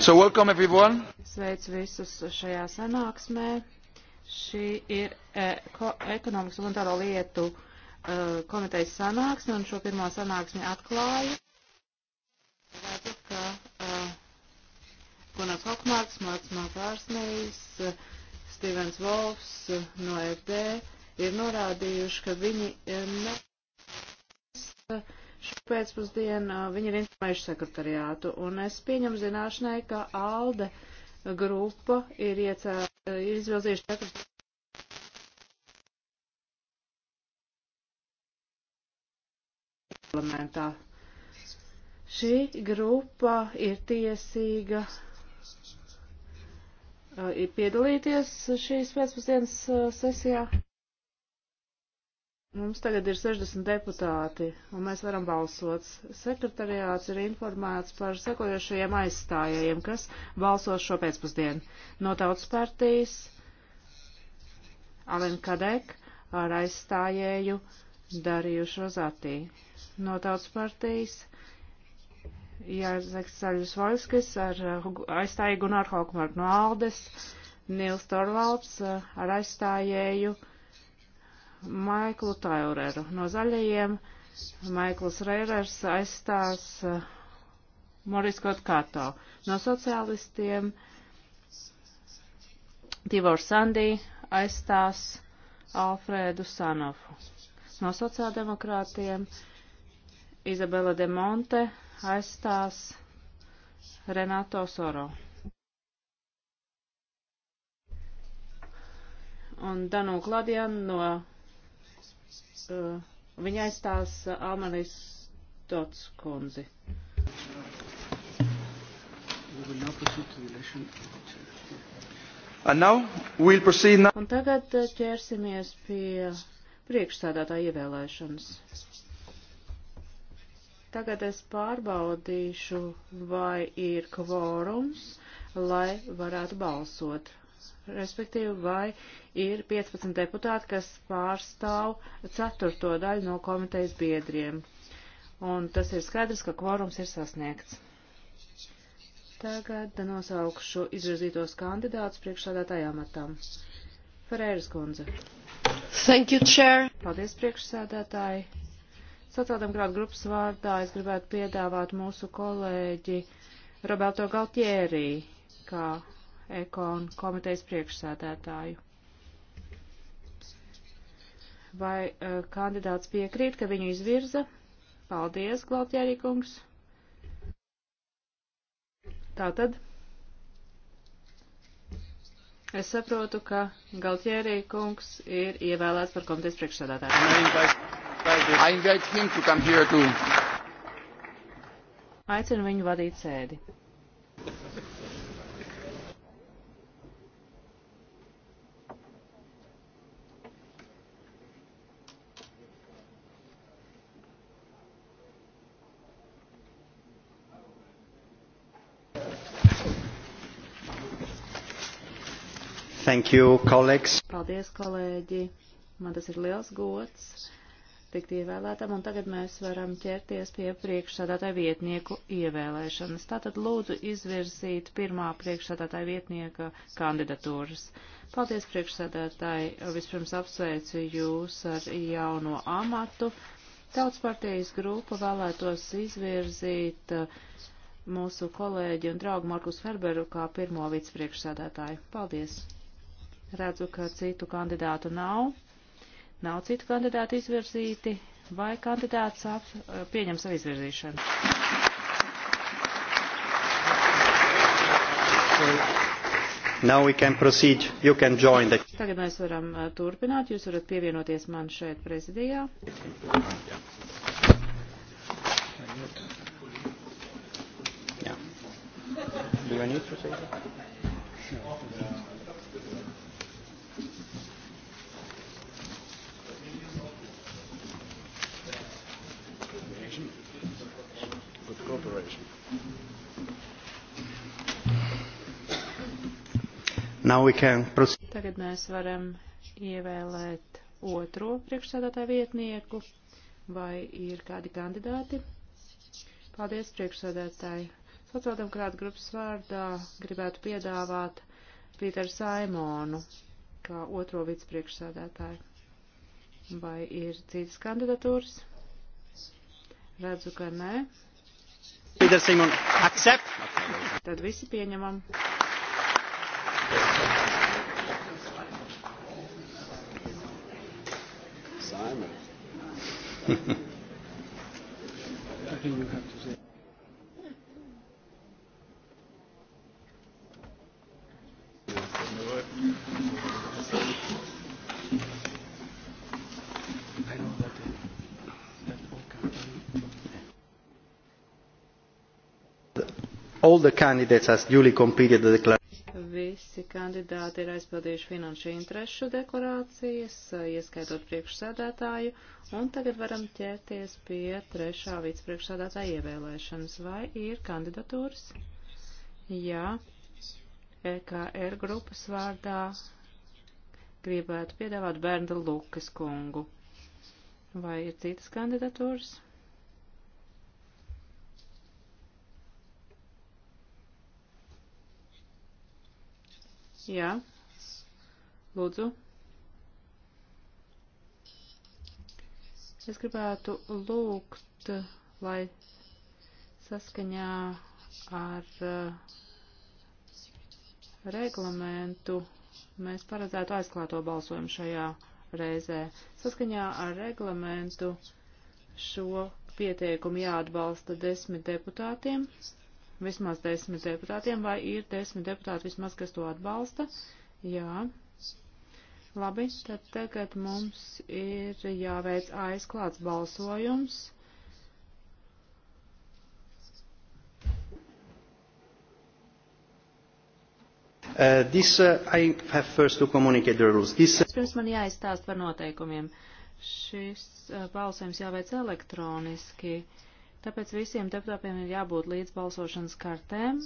So welcome everyone. Sveic visus šajā sanāksmē. Šī ir eko, ekonomikas un monetāro lietu uh, komitejas sanāksme, un šo pirmo sanāksmi atklāju. Redzu, ka uh, e, Gunārs Hokmārks, Mārts Mākārsnējs, uh, Stīvens Volfs uh, no FD ir norādījuši, ka viņi uh, e, ne. Uh, Šopēcpusdien uh, viņi ir informējuši sekretariātu, un es pieņemu zināšanai, ka ALDE grupa ir, iecē, uh, ir izvilzījuši sekretariātu. parlamentā. Šī grupa ir tiesīga uh, ir piedalīties šīs pēcpusdienas sesijā. Mums tagad ir 60 deputāti, un mēs varam balsot. Sekretariāts ir informēts par sekojošajiem aizstājējiem, kas balsos šo pēcpusdienu. No tautas partijas Alen Kadek ar aizstājēju Darījušu Rozatī. No tautas partijas Jāzeks Saļus Voļskis ar uh, aizstājēju Gunāru Haukmarku no Aldes, Nils Torvalds uh, ar aizstājēju Darījušu Rozatī. Maiklu Taureru. No zaļajiem Maikls Reirers aizstās uh, Moris Kotkato. No sociālistiem Tivor Sandī aizstās Alfrēdu Sanofu. No sociāldemokrātiem Izabela de Monte aizstās Renato Soro. un Danu Kladianu no uh, viņa aizstās uh, Amelijas Tots kundzi. We'll Un tagad uh, ķersimies pie priekšsēdētāja ievēlēšanas. Tagad es pārbaudīšu, vai ir kvorums, lai varētu balsot respektīvi vai ir 15 deputāti, kas pārstāv ceturto daļu no komitejas biedriem. Un tas ir skaidrs, ka kvorums ir sasniegts. Tagad nosaukšu izvirzītos kandidātus priekšsādātāju amatam. Ferēras kundze. Thank you, Chair. Paldies, priekšsādātāji. Sociāldemokrāta grupas vārdā es gribētu piedāvāt mūsu kolēģi Roberto Galtieri kā ekon komitejas priekšsēdētāju. Vai uh, kandidāts piekrīt, ka viņu izvirza? Paldies, Glautjērīkungs. Tātad. Es saprotu, ka Galtjērī kungs ir ievēlēts par komitejas priekšsēdētāju. Aicinu viņu vadīt sēdi. Thank you, colleagues. Paldies, kolēģi. Man tas ir liels gods tikt ievēlētam, un tagad mēs varam ķerties pie priekšsādātāja vietnieku ievēlēšanas. Tātad lūdzu izvirzīt pirmā priekšsādātāja vietnieka kandidatūras. Paldies, priekšsādātāji. Vispirms apsveicu jūs ar jauno amatu. Tautas partijas grupa vēlētos izvirzīt uh, mūsu kolēģi un draugu Markus Ferberu kā pirmo vicepriekšsādātāju. Paldies! Redzu, ka citu kandidātu nav. Nav citu kandidātu izvirzīti. Vai kandidāts ap, eh, pieņem savu izvirzīšanu? The... Tagad mēs varam eh, turpināt. Jūs varat pievienoties man šeit prezidijā. Yeah. Do I need to say that? No. Tagad mēs varam ievēlēt otro priekšsēdētāju vietnieku. Vai ir kādi kandidāti? Paldies, priekšsēdētāji. Sociāldemokrāta grupas vārdā gribētu piedāvāt Pīteru Saimonu kā otro vicepriekšsēdētāju. Vai ir citas kandidatūras? Redzu, ka nē. Pīters Simon, accept! Tad visi pieņemam. I think you have to say. all the candidates have duly completed the visi kandidāti ir aizpildījuši finanšu interešu deklarācijas, ieskaitot priekšsēdētāju, un tagad varam ķerties pie trešā vicepriekšsēdētāja ievēlēšanas. Vai ir kandidatūras? Jā. EKR grupas vārdā gribētu piedāvāt Bernda Lukas kungu. Vai ir citas kandidatūras? Jā. Lūdzu. Es gribētu lūgt, lai saskaņā ar uh, reglamentu mēs paredzētu aizklāto balsojumu šajā reizē. Saskaņā ar reglamentu šo pieteikumu jāatbalsta desmit deputātiem vismaz desmit deputātiem, vai ir desmit deputāti vismaz, kas to atbalsta? Jā. Labi, tad tagad mums ir jāveic aizklāts balsojums. Uh, this, uh, I have first to communicate the rules. This... Uh, pirms man jāizstāst par noteikumiem. Šis uh, balsojums jāveic elektroniski. Uh, Tāpēc visiem deputātiem ir jābūt līdz balsošanas kartēm,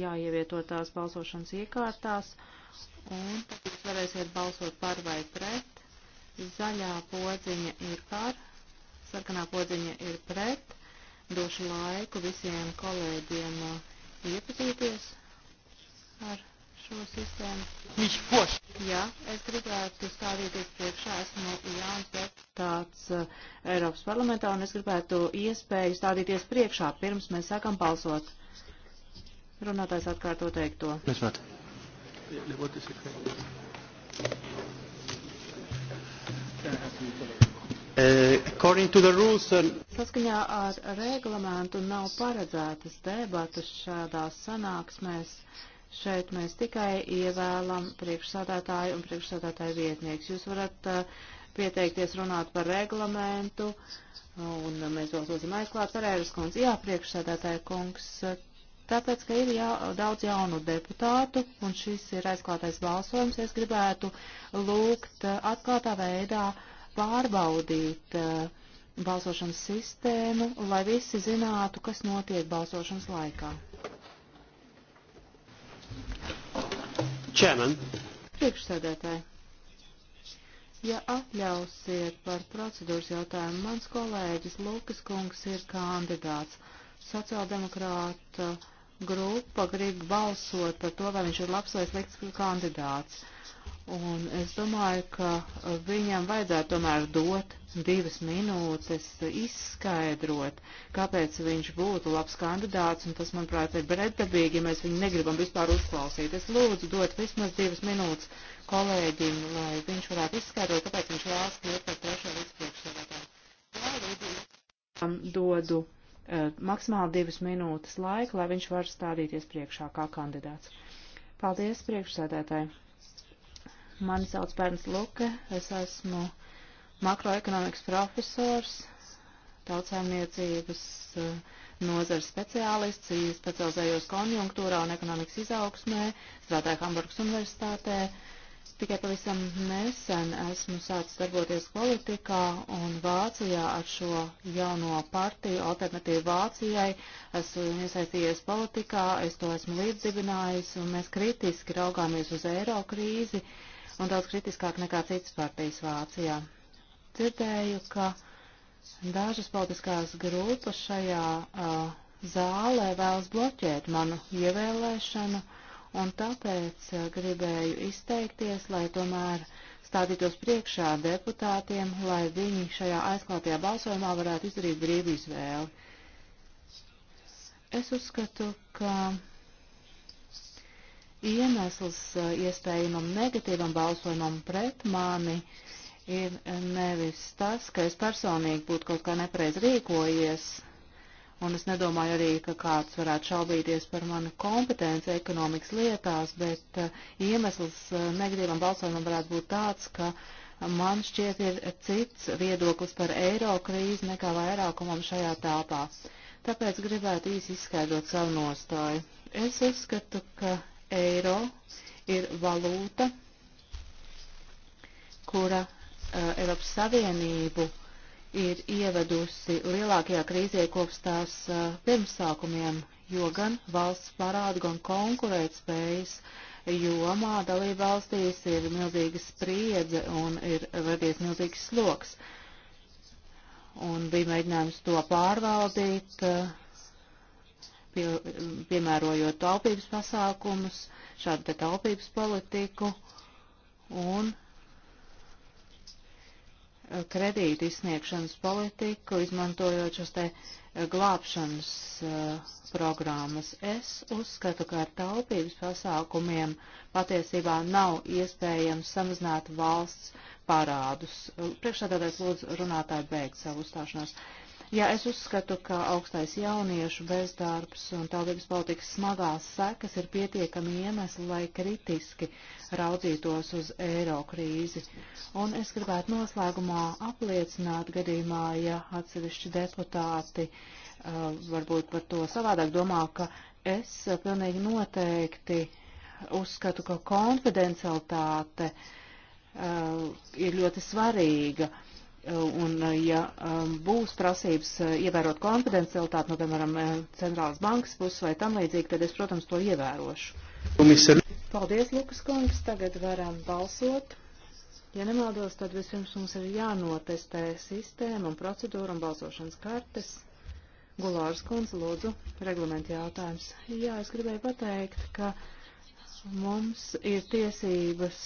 jāievieto tās balsošanas iekārtās, un tad jūs varēsiet balsot par vai pret. Zaļā podziņa ir par, sarkanā podziņa ir pret. Došu laiku visiem kolēģiem uh, iepazīties ar šo sistēmu. Viņš koš. Jā, es gribētu stāvieties priekšā, esmu jauns deputāts uh, Eiropas parlamentā, un es gribētu iespēju stādīties priekšā, pirms mēs sākam balsot. Runātājs atkārto teikto. Mēs varam. Eh, Saskaņā ar reglamentu nav paredzētas debatas šādās sanāksmēs. Uh, Šeit mēs tikai ievēlam priekšsādātāju un priekšsādātāju vietnieks. Jūs varat uh, pieteikties runāt par reglamentu, un mēs vēl lūdzam aizklāt Pereiras kundzi. Jā, priekšsādātāja kungs, tāpēc, ka ir jā, daudz jaunu deputātu, un šis ir aizklātais balsojums, es gribētu lūgt uh, atklātā veidā pārbaudīt uh, balsošanas sistēmu, lai visi zinātu, kas notiek balsošanas laikā. Chairman. Priekšsēdētāji. Ja atļausiet par procedūras jautājumu, mans kolēģis Lukas Kungs ir kandidāts. Sociāldemokrāta grupa grib balsot par to, vai viņš ir labs vai slikts kandidāts. Un es domāju, ka uh, viņam vajadzētu tomēr dot divas minūtes uh, izskaidrot, kāpēc viņš būtu labs kandidāts, un tas, manuprāt, ir bredabīgi, ja mēs viņu negribam vispār uzklausīt. Es lūdzu dot vismaz divas minūtes kolēģim, lai viņš varētu izskaidrot, kāpēc viņš vēlas kļūt par trešo vicepriekšsēdētāju. Dodu uh, maksimāli divas minūtes laika, lai viņš var stādīties priekšā kā kandidāts. Paldies priekšsēdētāji! Mani sauc Bērns Luke, es esmu makroekonomikas profesors, tautsēmniecības eh, nozars speciālists, specializējos konjunktūrā un ekonomikas izaugsmē, strādāju Hamburgas universitātē. Tikai pavisam nesen esmu sācis darboties politikā un Vācijā ar šo jauno partiju, alternatīvu Vācijai. Esmu iesaistījies politikā, es to esmu līdzdibinājis un mēs kritiski raugāmies uz eiro krīzi, un daudz kritiskāk nekā citas partijas Vācijā. Dzirdēju, ka dažas politiskās grupas šajā uh, zālē vēlas bloķēt manu ievēlēšanu, un tāpēc uh, gribēju izteikties, lai tomēr stādītos priekšā deputātiem, lai viņi šajā aizklātajā balsojumā varētu izdarīt brīvu izvēli. Es uzskatu, ka iemesls eh, iespējamam negatīvam balsojumam pret mani ir eh, nevis tas, ka es personīgi būtu kaut kā nepareiz rīkojies, un es nedomāju arī, ka kāds varētu šaubīties par manu kompetenci ekonomikas lietās, bet eh, iemesls negatīvam balsojumam varētu būt tāds, ka man šķiet ir cits viedoklis par eiro krīzi nekā vairākumam šajā tāpā. Tāpēc gribētu īsi izskaidrot savu nostāju. Es uzskatu, ka eiro ir valūta, kura uh, Eiropas Savienību ir ievedusi lielākajā krīzē kopš tās uh, pirmsākumiem, jo gan valsts parāda, gan konkurētspējas jomā dalība valstīs ir milzīga spriedze un ir radies milzīgs sloks. Un bija mēģinājums to pārvaldīt. Uh, pie, piemērojot taupības pasākumus, šādu te taupības politiku un e, kredītu izsniegšanas politiku, izmantojot šos te e, glābšanas uh, programmas. Es uzskatu, ka ar taupības pasākumiem patiesībā nav iespējams samazināt valsts parādus. Priekšsēdētājs lūdzu runātāju beigt savu uzstāšanos. Uh, Ja es uzskatu, ka augstais jauniešu bezdarbs un tautības politikas smagās sekas ir pietiekami iemesli, lai kritiski raudzītos uz eiro krīzi, un es gribētu noslēgumā apliecināt gadījumā, ja atsevišķi deputāti uh, varbūt par to savādāk domā, ka es pilnīgi noteikti uzskatu, ka konfidencialitāte uh, ir ļoti svarīga. Uh, Eh, un, eh, ja eh, būs prasības ievērot konfidencialitāti, no, piemēram, centrālas bankas puses vai tam līdzīgi, tad es, protams, to ievērošu. Komisar. Paldies, Lukas kungs. Tagad varam balsot. Ja nemaldos, tad vispirms mums ir jānotestē sistēma un procedūra un balsošanas kartes. Gulārs kundze, lūdzu, reglamenta jautājums. Jā, es gribēju pateikt, ka mums ir tiesības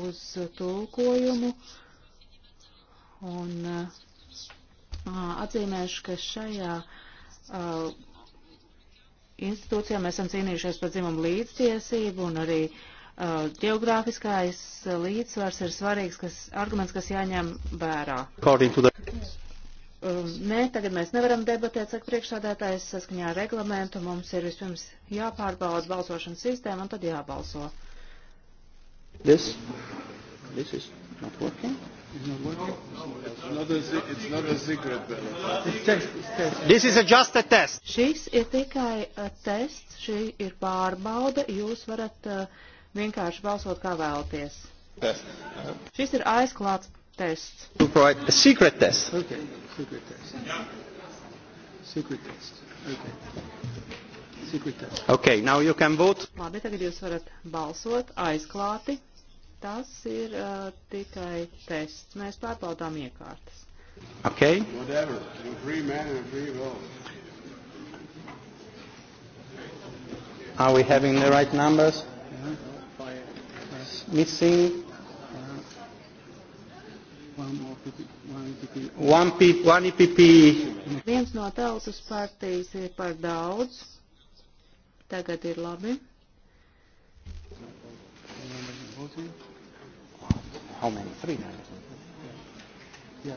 uz tulkojumu. Uh, Un uh, atzīmēšu, ka šajā uh, institūcijā mēs esam cīnījušies par dzimumu līdztiesību un arī uh, geogrāfiskais līdzsvars ir svarīgs kas, arguments, kas jāņem vērā. Um, nē, tagad mēs nevaram debatēt, saka priekšsādātājs, saskaņā ar reglamentu mums ir vispirms jāpārbauda balsošanas sistēma un tad jābalso. This, this is not working. It's not working not a, it's not a secret ballot. It's test, it's test. This is a just a test. Šis ir tikai uh, tests, šī ir pārbauda, jūs varat uh, vienkārši balsot kā vēlties. Test. Uh -huh. Šis ir aizklāts tests. To provide a secret test. Okay, secret test. Secret test. Okay. Secret test. Okay, now you can vote. Labi, tagad jūs varat balsot aizklāti. Tas ir uh, tikai tests. Mēs pārbaudām iekārtas. Okay. Whatever. You're free man and free vote. Are we having the right numbers? Yeah. Uh-huh. Yes. Missing? Uh-huh. One PP. One EPP. E Viens no tautas partijas ir par daudz. Tagad ir labi. Thank you. How many? Three. Yeah,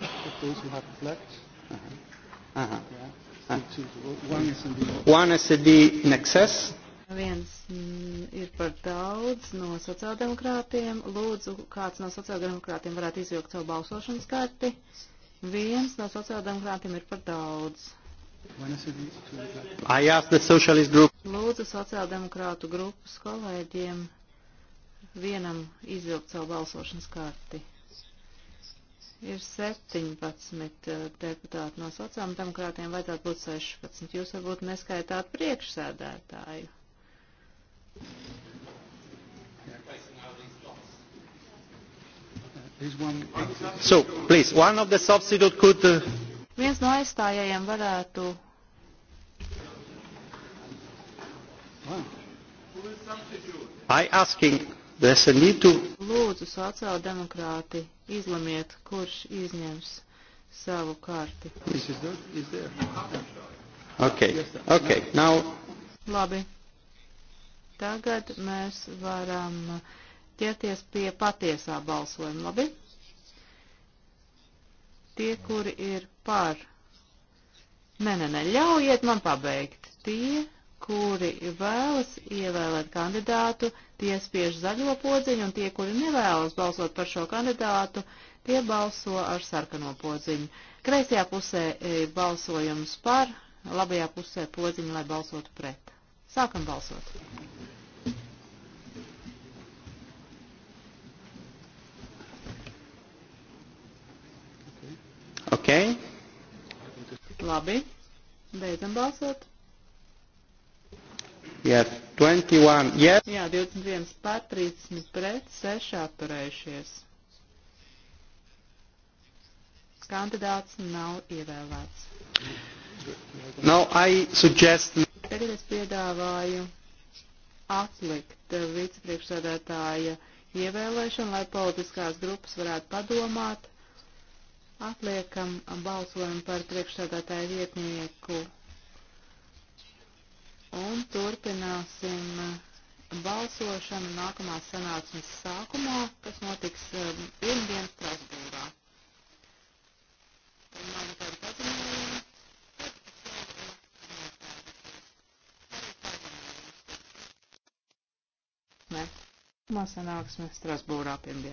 but those who have flagged. Uh -huh. Uh -huh. Yeah. Ah. One SD. One SD in excess. Viens mm, ir par daudz no sociāldemokrātiem. Lūdzu, kāds no sociāldemokrātiem varētu izvilkt savu balsošanas karti. Viens no sociāldemokrātiem ir par daudz. I asked the socialist group. Lūdzu, sociāldemokrātu grupas kolēģiem vienam izvilkt savu balsošanas karti. Ir 17 eh, deputāti no sociāliem demokrātiem, vajadzētu būt 16. Jūs varbūt neskaitāt priekšsēdētāju. So, please, one of the substitute could... Uh... Viens no aizstājējiem varētu... I asking To... Lūdzu, sociāldemokrāti, izlemiet, kurš izņems savu karti. Is not, is okay. Okay. Now... Labi. Tagad mēs varam ķerties pie patiesā balsojuma, labi? Tie, kuri ir par. Nē, nē, nē, ļaujiet man pabeigt. Tie, kuri vēlas ievēlēt kandidātu, tie spiež zaļo podziņu, un tie, kuri nevēlas balsot par šo kandidātu, tie balso ar sarkano podziņu. Kreisajā pusē e, balsojums par, labajā pusē podziņu, lai balsotu pret. Sākam balsot. Okay. Labi, beidzam balsot. Jā, 21, yes. Jā, 21 pār 30 pret, 6 atturējušies. Kandidāts nav ievēlēts. No, I suggest... Tagad es piedāvāju atlikt vicepriekšsēdētāja ievēlēšanu, lai politiskās grupas varētu padomāt. Atliekam balsojumu par priekšsēdētāju vietnieku un turpināsim uh, balsošanu nākamās sanāksmes sākumā, kas notiks uh, pirmdien Strasbūrā. Nav nekāda paziņojuma. Nē, sanāksme Strasbūrā pirmdien.